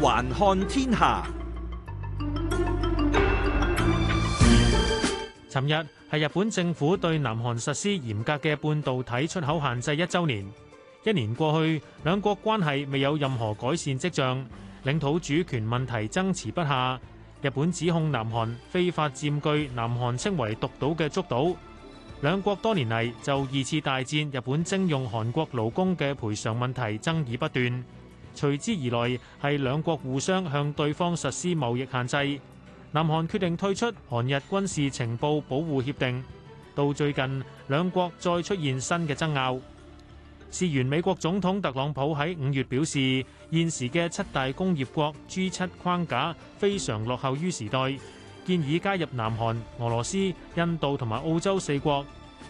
環看天下。尋日係日本政府對南韓實施嚴格嘅半導體出口限制一周年。一年過去，兩國關係未有任何改善跡象，領土主權問題爭持不下。日本指控南韓非法佔據南韓稱為獨島嘅竹島。兩國多年嚟就二次大戰日本徵用韓國勞工嘅賠償問題爭議不斷，隨之而來係兩國互相向對方實施貿易限制。南韓決定退出韓日軍事情報保護協定，到最近兩國再出現新嘅爭拗。事源美國總統特朗普喺五月表示，現時嘅七大工業國 G 七框架非常落後於時代。建議加入南韓、俄羅斯、印度同埋澳洲四國。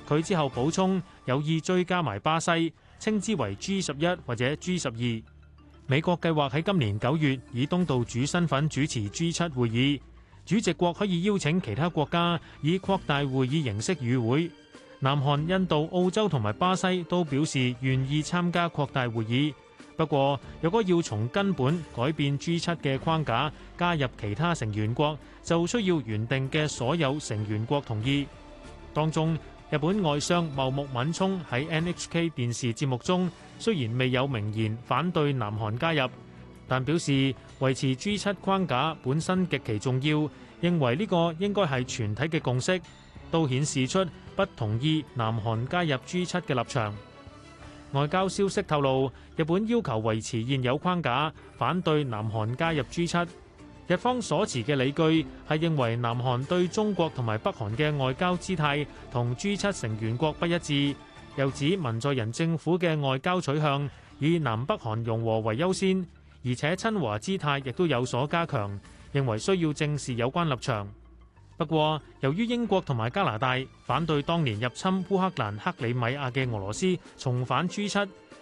佢之後補充有意追加埋巴西，稱之為 G 十一或者 G 十二。美國計劃喺今年九月以東道主身份主持 G 七會議，主席國可以邀請其他國家以擴大會議形式與會。南韓、印度、澳洲同埋巴西都表示願意參加擴大會議。不過，如果要從根本改變 G7 嘅框架，加入其他成員國，就需要原定嘅所有成員國同意。當中，日本外相茂木敏充喺 NHK 電視節目中，雖然未有明言反對南韓加入，但表示維持 G7 框架本身極其重要，認為呢個應該係全體嘅共識，都顯示出不同意南韓加入 G7 嘅立場。外交消息透露，日本要求維持現有框架，反對南韓加入 G 七。日方所持嘅理據，係認為南韓對中國同埋北韓嘅外交姿態同 G 七成員國不一致，又指文在寅政府嘅外交取向以南北韓融和為優先，而且親華姿態亦都有所加強，認為需要正視有關立場。不過，由於英國同埋加拿大反對當年入侵烏克蘭克里米亞嘅俄羅斯重返 G 七，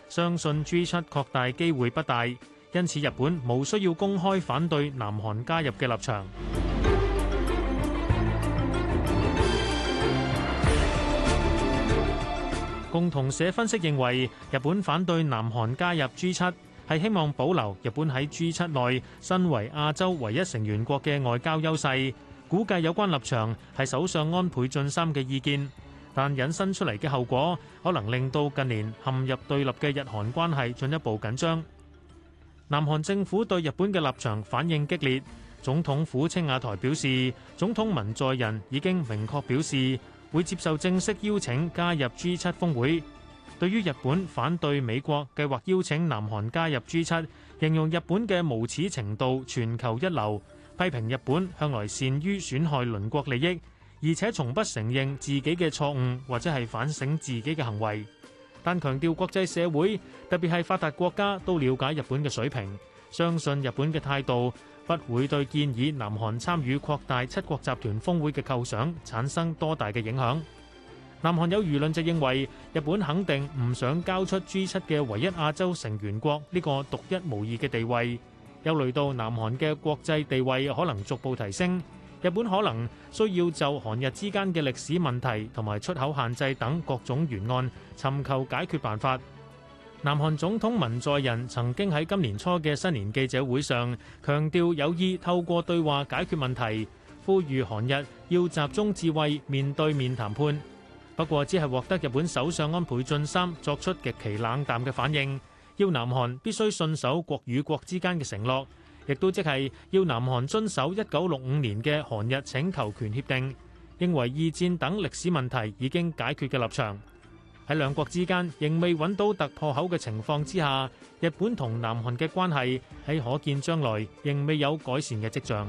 相信 G 七擴大機會不大，因此日本冇需要公開反對南韓加入嘅立場。共同社分析認為，日本反對南韓加入 G 七係希望保留日本喺 G 七內身為亞洲唯一成員國嘅外交優勢。估計有關立場係首相安倍晉三嘅意見，但引申出嚟嘅後果可能令到近年陷入對立嘅日韓關係進一步緊張。南韓政府對日本嘅立場反應激烈，總統府青瓦台表示，總統文在寅已經明確表示會接受正式邀請加入 G7 峰會。對於日本反對美國計劃邀請南韓加入 G7，形容日本嘅無恥程度全球一流。批評日本向來善於損害鄰國利益，而且從不承認自己嘅錯誤或者係反省自己嘅行為。但強調國際社會特別係發達國家都了解日本嘅水平，相信日本嘅態度不會對建議南韓參與擴大七國集團峰會嘅構想產生多大嘅影響。南韓有輿論就認為日本肯定唔想交出 G7 嘅唯一亞洲成員國呢個獨一無二嘅地位。又慮到南韓嘅國際地位可能逐步提升，日本可能需要就韓日之間嘅歷史問題同埋出口限制等各種原案尋求解決辦法。南韓總統文在寅曾經喺今年初嘅新年記者會上強調有意透過對話解決問題，呼籲韓日要集中智慧面對面談判。不過，只係獲得日本首相安倍晉三作出極其冷淡嘅反應。要南韓必須信守國與國之間嘅承諾，亦都即係要南韓遵守一九六五年嘅韓日請求權協定，認為二戰等歷史問題已經解決嘅立場。喺兩國之間仍未揾到突破口嘅情況之下，日本同南韓嘅關係喺可見將來仍未有改善嘅跡象。